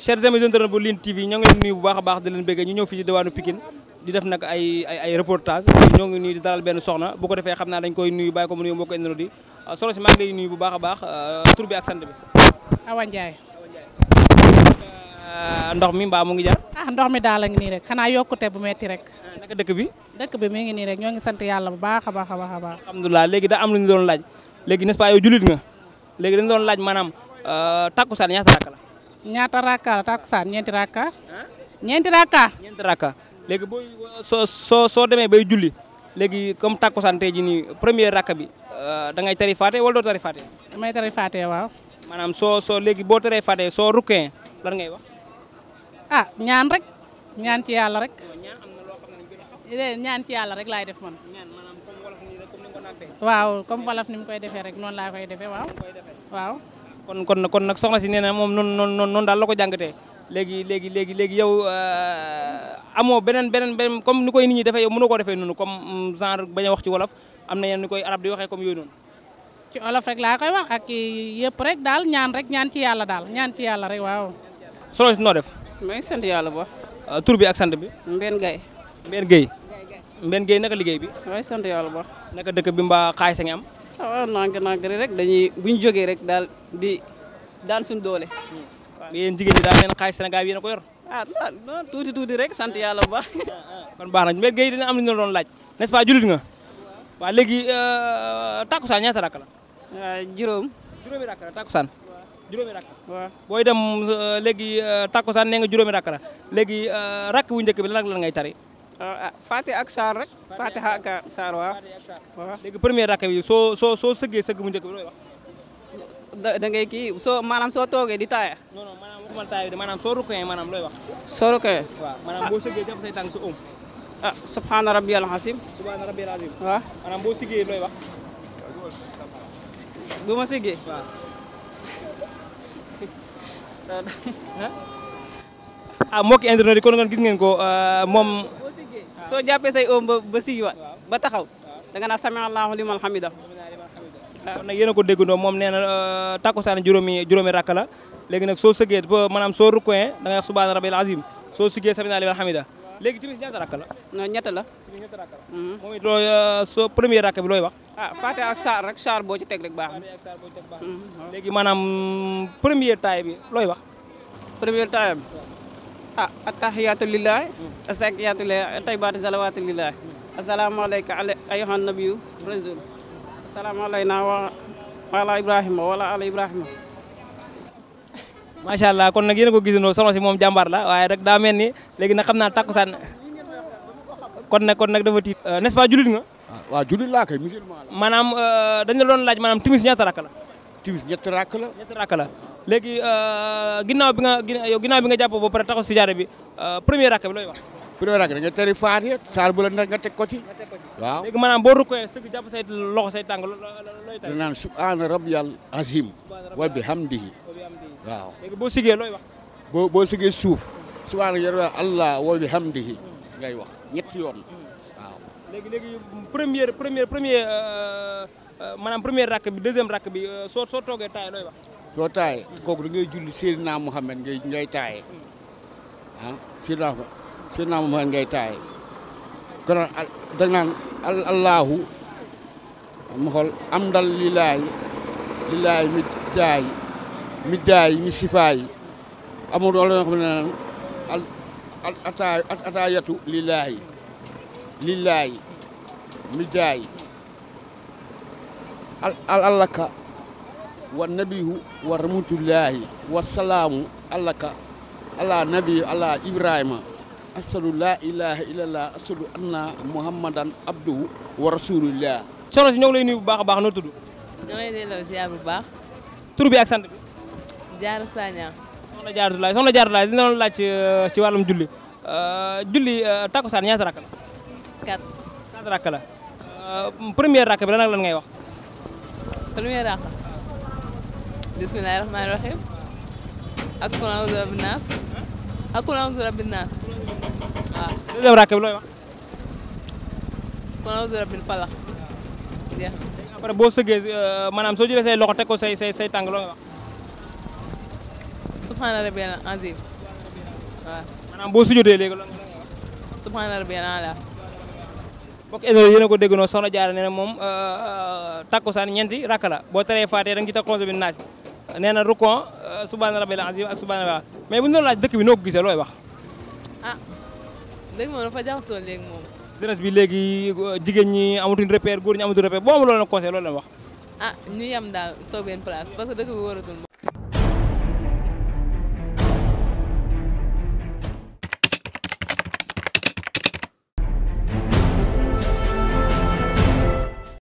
chers amis de bu TV ñoo ngi nuyu bu baax baax di leen bëgg ñu ñëw fi ci diwaanu Pikine di def nak ay ay ay reportage ñoo ngi nuyu di dalal ben soxna bu ko defé xamna dañ koy nuyu bay ko mu nuyu mbokk indi solo ci ma ngi lay nuyu bu baax baax ah, tour bi ak sante bi awan jaay ah, ndox mi mbaa mu ngi jaar ah ndox mi daal a ni rek xana yokute bu metti rek ah, naka dekk bi dekk bi mi ngi ni rek ñoo ngi sante yalla bu baax baax baax baax da am lu ñu doon laaj legi nest pas yow julit nga legi dañ doon laaj takusan ñaata ñaata raka, la takusaan ñeenti rakka. ñeenti rakka. ñeenti rakka léegi boo so soo soo demee bay julli léegi comme premier raka bi eh, da ngay tari faate wala doo tari faate. damay tari faate waaw. maanaam so so léegi boo taree faate soo rukkee lan ngay wax. ah ñaan rek ñaan ci yàlla rek. ñaan ci yàlla rek laay def man. waaw comme wolof ni mu koy defee rek laa koy defee waaw. waaw kon kon kon nak soxna ci nee mom non non non non dal la ko jàngatee legi legi legi léegi yow euh, amo benen benen benen comme ni koy nit ñi defee yow mënoo ko defé noonu comme mm, genre baña wax ci wolof amna yenn ni koy arab di waxee comme yoy non ci wolof rek la koy wax ak yépp rek dal ñaan rek ñaan ci yalla dal ñaan ci yalla rek waaw. solo ci no def. may ngi sant yàlla ba. Euh, bi ak sant bi. Mbène gay Mbène gay gay naka liggéey bi. maa sant naka dëkk bi mba xay sa ngam waaw nank nank rek dañuy bu ñu jógee rek daal di daan suñu doole. waaw yéen jigéen ñi daal leen xaalis Sénégal yéen a ko ah, tuuti tuuti rek sant yàlla bu baax. kon baax na mbir gay dina am lu ñu la doon laaj n'est-ce pas jullit nga. waaw léegi euh, takkusaan ñaata rakk la. waaw juróom. juróomi rakk la takkusaan. juróomi rakk waaw booy dem euh, léegi euh, takkusaan nee nga juróomi rakk la léegi rakk bu njëkk bi lan ak lan ngay tari. Fati ak saar rek Fatiha ak saar waaw. waaw léegi premier rakk bi soo soo soo sëggee sëgg mu malam bi looy wax. da ngay kii soo maanaam soo toogee di malam non non maanaam waxuma taaya de maanaam soo malam maanaam looy wax. soo rukkee. waaw maanaam boo sëggee jàpp say tànk sa om. Um. ah subhaana rabbi al azim. subhaana rabbi al azim. waaw maanaam boo siggee looy wax. bu ma siggee. ah mbokki internet yi kon ngeen gis ngeen ko mom. soo jàppee say oom ba ba siiwaat ba taxaw danga naa sami allahu liman hamida kon nag yéen ko ko déggandoo moom nee na euh, takkusaan juróomi juróomi rakk la léegi nag soo sëggee maanaam soo rukkoon da ngay wax subhaana rabbil azim soo sëggee sami allahu liman hamida léegi timis ñaata rakk la. non ñett la. timis ñett rakk la. Mm-hmm. moom it looy euh, premier rakk bi looy wax. ah Fatiha ak saar rek saar boo ci teg rek baax na. Mm-hmm. léegi maanaam mm, premier taay bi looy wax. premier taay ah attahiyaatu lillahi asakiyatu lillahi tayyibaatu salawaatu lillahi assalaamu alayka ayyuhan ala ibrahima wala ala ibrahima macha allah kon nag yéen a ko gisandoo soxna moom jàmbaar la waaye rek daa mel ni léegi nag xam naa takkusaan kon nag nag dafa tiit euh, n'est-ce pas julit nga ah, waaw julit musulman la maanaam euh, dañ la laaj maanaam timis ñaata rakk la timis léegi euh, ginnaaw bi nga yow ginnaaw bi nga jàpp ba pare taxaw si jaare bi euh, premier rakk bi looy wax. premier rakk da nga teri faatiha saar bu la nga teg ko ci. waaw léegi maanaam boo rukkoo sëgg jàpp say loxo say tàng looy tari. naan subhaana rabbiyal azim wa bihamdihi waaw. léegi boo sigee looy wax. boo boo sigee suuf. subhaana rabbiyal allah wa bihamdihi ngay wax ñetti yoon. Hmm. waaw léegi premier premier euh, premier maanaam premier rakk bi deuxième rakk bi soo soo toogee taay wax. soo taaye kooku da ngay julli Seydina Mouhamed ngay ngay taaye ah Seydina Seydina Mouhamed taaye kon da naan allahu ma am ndal lillaahi lillaahi mi daay mi daay mi sifaayi amul loolu nga xam ne naan ataay ataayatu lillaahi lillaahi mi daay al allaka wa nabihu wa rahmatullahi wa salamu alaka ala nabi ala Ibrahim asalu la ilaha illa asalu anna muhammadan abdu wa rasulullah solo ñu lay nuyu bu baax baax no tuddu ñu lay delo ziar bu baax tur bi ak sant bi jaar saña soxna jaar la soxna jaar la dina ci walum julli euh julli euh, takusan ñaata rak la euh premier rak lan ngay wax premier rak bismillahi rahmaani rahim ak qul a'uuzu bi rabbin naas ak qul a'uuzu bi rabbin naas waaw. deuxième rakk bi boo sëggee euh, maanaam soo jëlee say loxo teg say say say tàng loo nga wax. subhaana rabbiyal aziim waaw. Ah. maanaam boo sujjotee léegi loo nga wax. subhaana rabbiyal a'laa. mbokk énergie yéen a ko déggoo soxna Diarra nee na moom euh, euh, takkusaan ñeenti rakk la boo teree faatee da nga ci teg xonse bi nee na rukon euh, subhaana rabbil azim ak subhaana rabbil mais bu ñu doon laaj dëkk bi noo ko gisee looy wax. ah léegi moom dafa jaxasoo léegi moom. jeunesse bi léegi euh, jigéen ñi amatuñ repère góor ñi amatuñ repère boo amul loolu nag conseil loolu la wax. Ah, daal toog benn place parce que